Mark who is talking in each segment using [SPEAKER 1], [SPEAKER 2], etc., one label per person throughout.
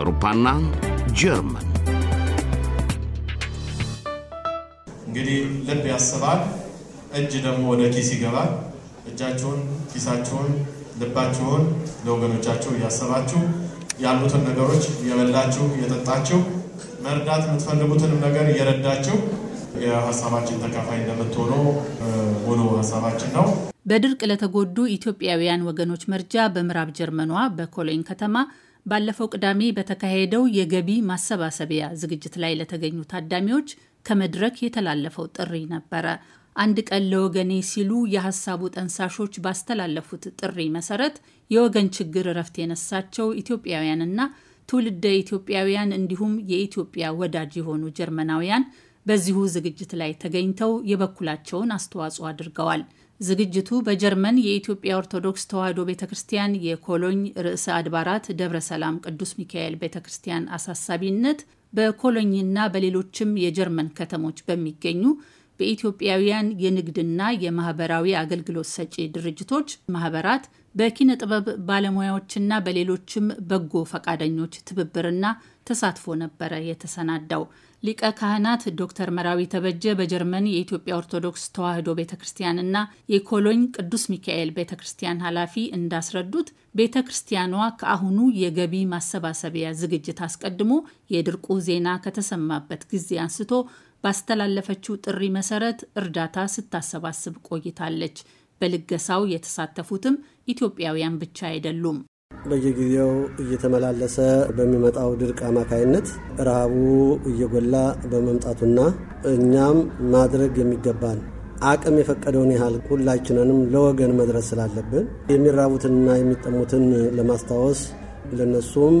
[SPEAKER 1] አውሮፓና ጀርመን እንግዲህ ልብ ያስባል፣ እጅ ደግሞ ወደ ኪስ ይገባል። እጃችሁን፣ ኪሳችሁን፣ ልባችሁን ለወገኖቻችሁ እያሰባችሁ ያሉትን ነገሮች የበላችሁ፣ የጠጣችሁ፣ መርዳት የምትፈልጉትንም ነገር እየረዳችሁ የሀሳባችን ተካፋይ እንደምትሆኑ ሙሉ ሀሳባችን ነው።
[SPEAKER 2] በድርቅ ለተጎዱ ኢትዮጵያውያን ወገኖች መርጃ በምዕራብ ጀርመኗ በኮሎኝ ከተማ ባለፈው ቅዳሜ በተካሄደው የገቢ ማሰባሰቢያ ዝግጅት ላይ ለተገኙ ታዳሚዎች ከመድረክ የተላለፈው ጥሪ ነበረ። አንድ ቀን ለወገኔ ሲሉ የሀሳቡ ጠንሳሾች ባስተላለፉት ጥሪ መሰረት የወገን ችግር እረፍት የነሳቸው ኢትዮጵያውያንና ትውልደ ኢትዮጵያውያን እንዲሁም የኢትዮጵያ ወዳጅ የሆኑ ጀርመናውያን በዚሁ ዝግጅት ላይ ተገኝተው የበኩላቸውን አስተዋጽኦ አድርገዋል። ዝግጅቱ በጀርመን የኢትዮጵያ ኦርቶዶክስ ተዋሕዶ ቤተ ክርስቲያን የኮሎኝ ርዕሰ አድባራት ደብረ ሰላም ቅዱስ ሚካኤል ቤተ ክርስቲያን አሳሳቢነት በኮሎኝና በሌሎችም የጀርመን ከተሞች በሚገኙ በኢትዮጵያውያን የንግድና የማህበራዊ አገልግሎት ሰጪ ድርጅቶች ማህበራት በኪነ ጥበብ ባለሙያዎችና በሌሎችም በጎ ፈቃደኞች ትብብርና ተሳትፎ ነበረ የተሰናዳው። ሊቀ ካህናት ዶክተር መራዊ ተበጀ በጀርመን የኢትዮጵያ ኦርቶዶክስ ተዋሕዶ ቤተ ክርስቲያንና የኮሎኝ ቅዱስ ሚካኤል ቤተ ክርስቲያን ኃላፊ እንዳስረዱት ቤተ ክርስቲያኗ ከአሁኑ የገቢ ማሰባሰቢያ ዝግጅት አስቀድሞ የድርቁ ዜና ከተሰማበት ጊዜ አንስቶ ባስተላለፈችው ጥሪ መሰረት እርዳታ ስታሰባስብ ቆይታለች። በልገሳው የተሳተፉትም ኢትዮጵያውያን ብቻ አይደሉም።
[SPEAKER 1] በየጊዜው እየተመላለሰ በሚመጣው ድርቅ አማካይነት ረሃቡ እየጎላ በመምጣቱና እኛም ማድረግ የሚገባን አቅም የፈቀደውን ያህል ሁላችንንም ለወገን መድረስ ስላለብን የሚራቡትንና የሚጠሙትን ለማስታወስ ለነሱም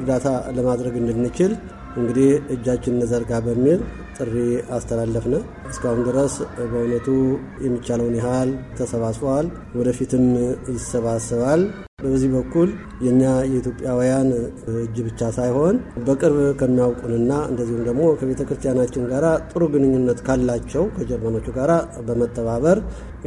[SPEAKER 1] እርዳታ ለማድረግ እንድንችል እንግዲህ እጃችን እንዘርጋ በሚል ጥሪ አስተላለፍነ። እስካሁን ድረስ በእውነቱ የሚቻለውን ያህል ተሰባስበዋል። ወደፊትም ይሰባሰባል። በዚህ በኩል የእኛ የኢትዮጵያውያን እጅ ብቻ ሳይሆን በቅርብ ከሚያውቁንና እንደዚሁም ደግሞ ከቤተ ክርስቲያናችን ጋር ጥሩ ግንኙነት ካላቸው ከጀርመኖቹ ጋር በመተባበር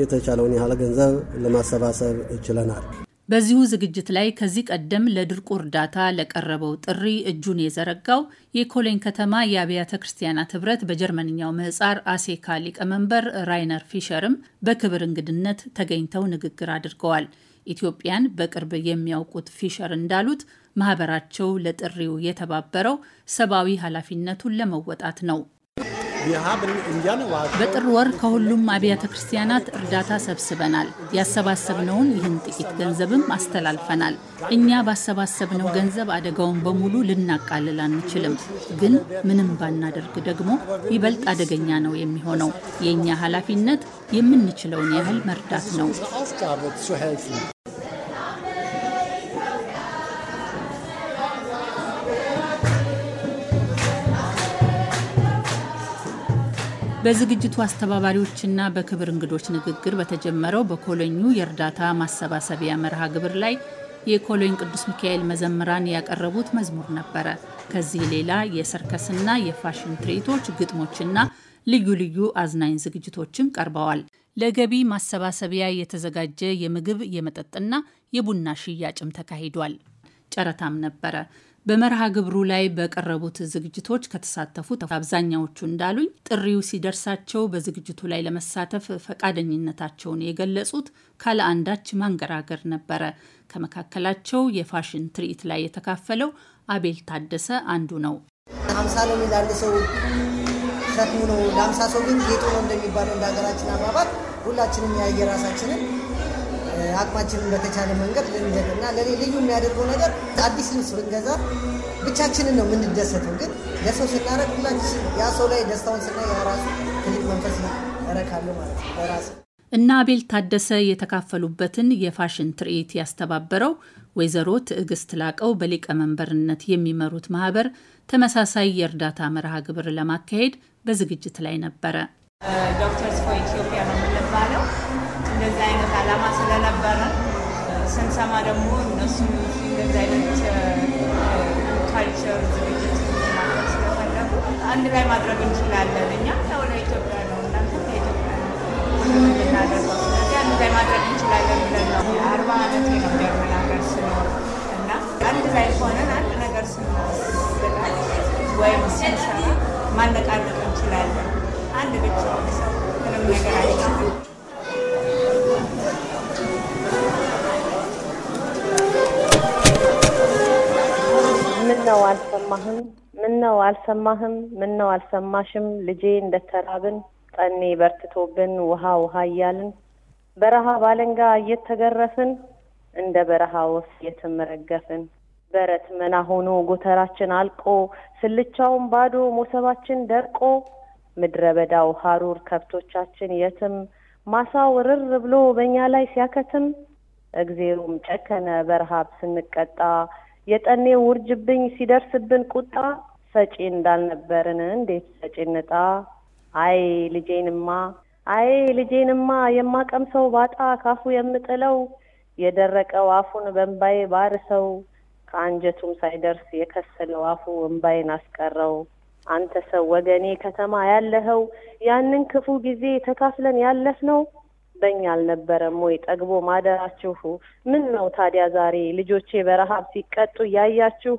[SPEAKER 1] የተቻለውን ያህል ገንዘብ ለማሰባሰብ ችለናል።
[SPEAKER 2] በዚሁ ዝግጅት ላይ ከዚህ ቀደም ለድርቁ እርዳታ ለቀረበው ጥሪ እጁን የዘረጋው የኮሌን ከተማ የአብያተ ክርስቲያናት ህብረት በጀርመንኛው ምህጻር አሴካ ሊቀመንበር ራይነር ፊሸርም በክብር እንግድነት ተገኝተው ንግግር አድርገዋል። ኢትዮጵያን በቅርብ የሚያውቁት ፊሸር እንዳሉት ማህበራቸው ለጥሪው የተባበረው ሰብአዊ ኃላፊነቱን ለመወጣት ነው። በጥር ወር ከሁሉም አብያተ ክርስቲያናት እርዳታ ሰብስበናል። ያሰባሰብነውን ይህን ጥቂት ገንዘብም አስተላልፈናል። እኛ ባሰባሰብነው ገንዘብ አደጋውን በሙሉ ልናቃልል አንችልም፣ ግን ምንም ባናደርግ ደግሞ ይበልጥ አደገኛ ነው የሚሆነው። የእኛ ኃላፊነት የምንችለውን ያህል መርዳት ነው። በዝግጅቱ አስተባባሪዎችና በክብር እንግዶች ንግግር በተጀመረው በኮሎኙ የእርዳታ ማሰባሰቢያ መርሃ ግብር ላይ የኮሎኝ ቅዱስ ሚካኤል መዘምራን ያቀረቡት መዝሙር ነበረ። ከዚህ ሌላ የሰርከስና የፋሽን ትርኢቶች፣ ግጥሞችና ልዩ ልዩ አዝናኝ ዝግጅቶችም ቀርበዋል። ለገቢ ማሰባሰቢያ የተዘጋጀ የምግብ የመጠጥና የቡና ሽያጭም ተካሂዷል። ጨረታም ነበረ። በመርሃ ግብሩ ላይ በቀረቡት ዝግጅቶች ከተሳተፉት አብዛኛዎቹ እንዳሉኝ ጥሪው ሲደርሳቸው በዝግጅቱ ላይ ለመሳተፍ ፈቃደኝነታቸውን የገለጹት ካለ አንዳች ማንገራገር ነበረ። ከመካከላቸው የፋሽን ትርኢት ላይ የተካፈለው አቤል ታደሰ አንዱ ነው።
[SPEAKER 1] ሀምሳ ነው ይላል ሰው ሸክሙ ነው ለሀምሳ ሰው ግን ጌጡ ነው እንደሚባለው እንደ ሀገራችን አባባል ሁላችንም የየራሳችንን አቅማችንን በተቻለ መንገድ ልንደግ እና ለእኔ ልዩ የሚያደርገው ነገር አዲስ ልብስ ብንገዛ ብቻችንን ነው የምንደሰተው፣ ግን ለሰው ስናረግ ሁላችን ያ ሰው ላይ ደስታውን ስናይ ያ ትልቅ መንፈስ ያረካሉ ማለት ነው በራስ
[SPEAKER 2] እና አቤል ታደሰ የተካፈሉበትን የፋሽን ትርኢት ያስተባበረው ወይዘሮ ትዕግስት ላቀው በሊቀመንበርነት የሚመሩት ማህበር ተመሳሳይ የእርዳታ መርሃ ግብር ለማካሄድ በዝግጅት ላይ ነበረ። ዶክተርስ ፎር ኢትዮጵያ ነው የምንባለው እንደዚህ አይነት አላማ ስለነበረ ስንሰማ ደግሞ እነሱ እንደዚህ አይነት ካልቸር ዝግጅት ስለፈለጉ አንድ ላይ ማድረግ እንችላለን። እኛ ያው ለኢትዮጵያ ነው፣ እናንተ
[SPEAKER 1] ለኢትዮጵያ ነው የምናደርገው። ስለዚህ አንድ ላይ ማድረግ እንችላለን ብለን
[SPEAKER 2] ነው። አርባ ዓመት ነው ሀገር ስኖር እና አንድ ላይ ሆነን አንድ ነገር ስናዘጋጅ ወይም ስንሰራ ማነቃነቅ እንችላለን። አንድ ብቻ ሰው ምንም ነገር አይቻልም።
[SPEAKER 3] ምነው አልሰማህም? ምነው አልሰማህም? ምነው አልሰማሽም? ልጄ እንደተራብን ጠኔ በርትቶብን ውሃ ውሃ እያልን በረሃ ባለንጋ እየተገረፍን እንደ በረሃ ወፍ እየተመረገፍን በረት መና ሆኖ ጎተራችን አልቆ ስልቻውን ባዶ ሞሰባችን ደርቆ ምድረ በዳው ሀሩር ከብቶቻችን የትም ማሳው ርር ብሎ በእኛ ላይ ሲያከትም እግዜሩም ጨከነ በረሃብ ስንቀጣ የጠኔ ውርጅብኝ ሲደርስብን ቁጣ ሰጪ እንዳልነበርን እንዴት ሰጪን አይ ልጄንማ አይ ልጄንማ የማቀምሰው ባጣ ካፉ የምጥለው የደረቀው አፉን በእምባዬ ባርሰው ከአንጀቱም ሳይደርስ የከሰለው አፉ እንባይን አስቀረው። አንተ ሰው ወገኔ ከተማ ያለኸው ያንን ክፉ ጊዜ ተካፍለን ያለፍነው በኛ አልነበረም ወይ ጠግቦ ማደራችሁ? ምን ነው ታዲያ ዛሬ ልጆቼ በረሃብ ሲቀጡ እያያችሁ፣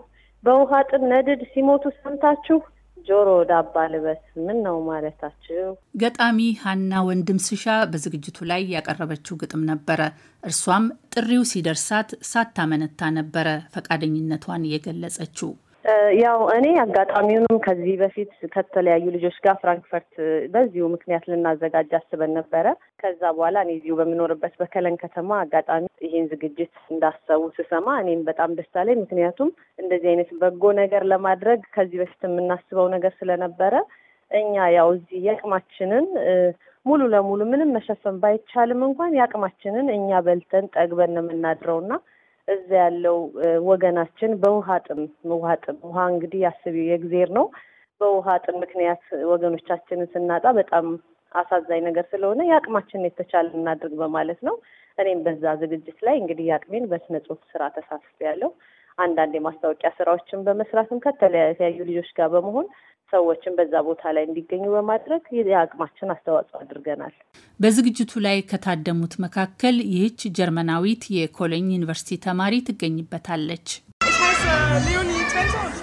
[SPEAKER 3] በውሃ ጥም ነድድ ሲሞቱ ሰምታችሁ ጆሮ ዳባ ልበስ ምን ነው ማለታችሁ።
[SPEAKER 2] ገጣሚ ሀና ወንድም ስሻ በዝግጅቱ ላይ ያቀረበችው ግጥም ነበረ። እርሷም ጥሪው ሲደርሳት ሳታመነታ ነበረ ፈቃደኝነቷን የገለጸችው።
[SPEAKER 3] ያው እኔ አጋጣሚውንም ከዚህ በፊት ከተለያዩ ልጆች ጋር ፍራንክፈርት በዚሁ ምክንያት ልናዘጋጅ አስበን ነበረ። ከዛ በኋላ እኔ እዚሁ በምኖርበት በከለን ከተማ አጋጣሚ ይህን ዝግጅት እንዳሰቡ ስሰማ እኔም በጣም ደስታ ላይ ምክንያቱም እንደዚህ አይነት በጎ ነገር ለማድረግ ከዚህ በፊት የምናስበው ነገር ስለነበረ እኛ ያው እዚህ የአቅማችንን ሙሉ ለሙሉ ምንም መሸፈን ባይቻልም እንኳን የአቅማችንን እኛ በልተን ጠግበን ነው የምናድረውና እዛ ያለው ወገናችን በውሃ ጥም ውሃ ጥም ውሃ እንግዲህ ያስቢው የእግዜር ነው። በውሃ ጥም ምክንያት ወገኖቻችንን ስናጣ በጣም አሳዛኝ ነገር ስለሆነ የአቅማችን የተቻለ እናድርግ በማለት ነው። እኔም በዛ ዝግጅት ላይ እንግዲህ የአቅሜን በስነ ጽሁፍ ስራ ተሳትፌያለሁ። አንዳንድ የማስታወቂያ ስራዎችን በመስራትም ከተለያዩ ልጆች ጋር በመሆን ሰዎችን በዛ ቦታ ላይ እንዲገኙ በማድረግ የአቅማችን አስተዋጽኦ አድርገናል።
[SPEAKER 2] በዝግጅቱ ላይ ከታደሙት መካከል ይህች ጀርመናዊት የኮሎኝ ዩኒቨርሲቲ ተማሪ ትገኝበታለች።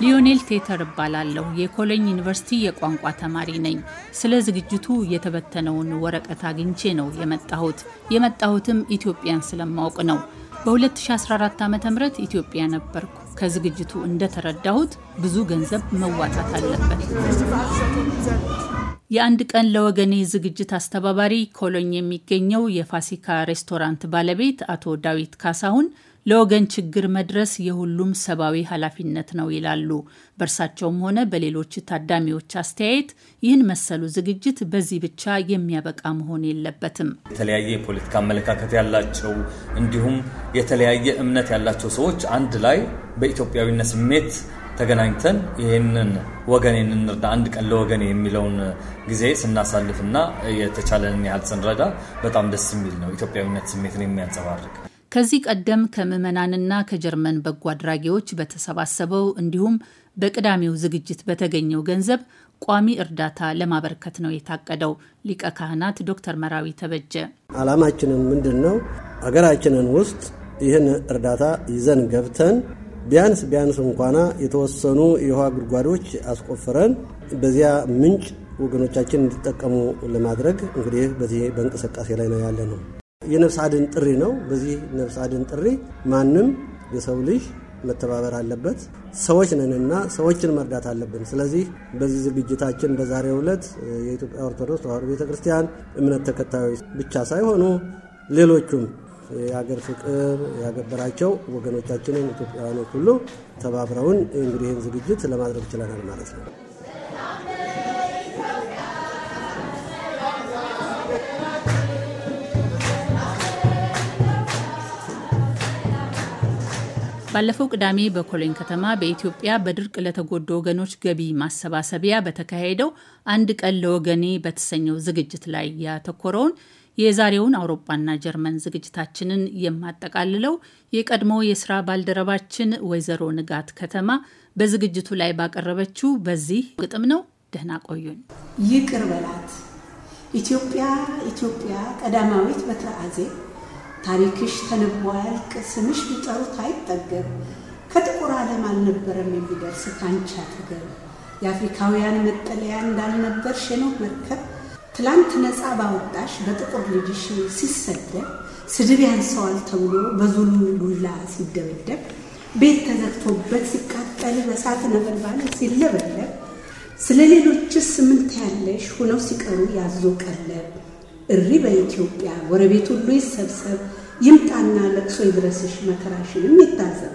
[SPEAKER 2] ሊዮኔል ቴተር እባላለሁ። የኮሎኝ ዩኒቨርሲቲ የቋንቋ ተማሪ ነኝ። ስለ ዝግጅቱ የተበተነውን ወረቀት አግኝቼ ነው የመጣሁት። የመጣሁትም ኢትዮጵያን ስለማወቅ ነው። በ2014 ዓ ም ኢትዮጵያ ነበርኩ። ከዝግጅቱ እንደተረዳሁት ብዙ ገንዘብ መዋጣት አለበት። የአንድ ቀን ለወገኔ ዝግጅት አስተባባሪ ኮሎኝ የሚገኘው የፋሲካ ሬስቶራንት ባለቤት አቶ ዳዊት ካሳሁን ለወገን ችግር መድረስ የሁሉም ሰብአዊ ኃላፊነት ነው ይላሉ። በእርሳቸውም ሆነ በሌሎች ታዳሚዎች አስተያየት ይህን መሰሉ ዝግጅት በዚህ ብቻ የሚያበቃ መሆን የለበትም።
[SPEAKER 1] የተለያየ የፖለቲካ አመለካከት ያላቸው እንዲሁም የተለያየ እምነት ያላቸው ሰዎች አንድ ላይ በኢትዮጵያዊነት ስሜት ተገናኝተን ይህንን ወገኔን እንርዳ፣ አንድ ቀን ለወገኔ የሚለውን ጊዜ ስናሳልፍና የተቻለንን ያህል ስንረዳ በጣም ደስ የሚል ነው። ኢትዮጵያዊነት ስሜትን የሚያንጸባርቅ
[SPEAKER 2] ከዚህ ቀደም ከምዕመናንና ከጀርመን በጎ አድራጊዎች በተሰባሰበው እንዲሁም በቅዳሜው ዝግጅት በተገኘው ገንዘብ ቋሚ እርዳታ ለማበረከት ነው የታቀደው። ሊቀ ካህናት ዶክተር መራዊ ተበጀ
[SPEAKER 1] አላማችንም ምንድን ነው? አገራችንን ውስጥ ይህን እርዳታ ይዘን ገብተን ቢያንስ ቢያንስ እንኳና የተወሰኑ የውሃ ጉድጓዶች አስቆፍረን በዚያ ምንጭ ወገኖቻችን እንዲጠቀሙ ለማድረግ እንግዲህ በዚህ በእንቅስቃሴ ላይ ነው ያለ ነው። የነፍስ አድን ጥሪ ነው። በዚህ ነፍስ አድን ጥሪ ማንም የሰው ልጅ መተባበር አለበት። ሰዎች ነንና ሰዎችን መርዳት አለብን። ስለዚህ በዚህ ዝግጅታችን በዛሬው ዕለት የኢትዮጵያ ኦርቶዶክስ ተዋሕዶ ቤተክርስቲያን እምነት ተከታዮች ብቻ ሳይሆኑ ሌሎቹም የሀገር ፍቅር ያገበራቸው ወገኖቻችንን ኢትዮጵያውያኖች ሁሉ ተባብረውን እንግዲህ ይህን ዝግጅት ለማድረግ ችለናል ማለት ነው።
[SPEAKER 2] ባለፈው ቅዳሜ በኮሎኝ ከተማ በኢትዮጵያ በድርቅ ለተጎዱ ወገኖች ገቢ ማሰባሰቢያ በተካሄደው አንድ ቀን ለወገኔ በተሰኘው ዝግጅት ላይ ያተኮረውን የዛሬውን አውሮፓና ጀርመን ዝግጅታችንን የማጠቃልለው የቀድሞ የስራ ባልደረባችን ወይዘሮ ንጋት ከተማ በዝግጅቱ ላይ ባቀረበችው በዚህ ግጥም ነው። ደህና ቆዩን። ይቅር በላት ኢትዮጵያ ኢትዮጵያ ቀዳማዊት በትረ አዜብ ታሪክሽ ተነቦ አያልቅ፣ ስምሽ ቢጠሩት አይጠገብ። ከጥቁር ዓለም አልነበረም የሚደርስ ካንቺ አጠገብ። የአፍሪካውያን መጠለያ እንዳልነበር የኖህ መርከብ ትላንት ነፃ ባወጣሽ በጥቁር ልጅሽ ሲሰደብ ስድብ ያንሰዋል ተብሎ በዙሉ ዱላ ሲደበደብ ቤት ተዘግቶበት ሲቃጠል በሳት ነበልባል ሲለበለብ ስለ ሌሎችስ ምን ትያለሽ? ሁነው ሲቀሩ ያዞ ቀለብ
[SPEAKER 3] እሪ በኢትዮጵያ ጎረቤት ሁሉ ይሰብሰብ፣ ይምጣና ለቅሶ ይድረስሽ፣ መከራሽንም ይታዘብ።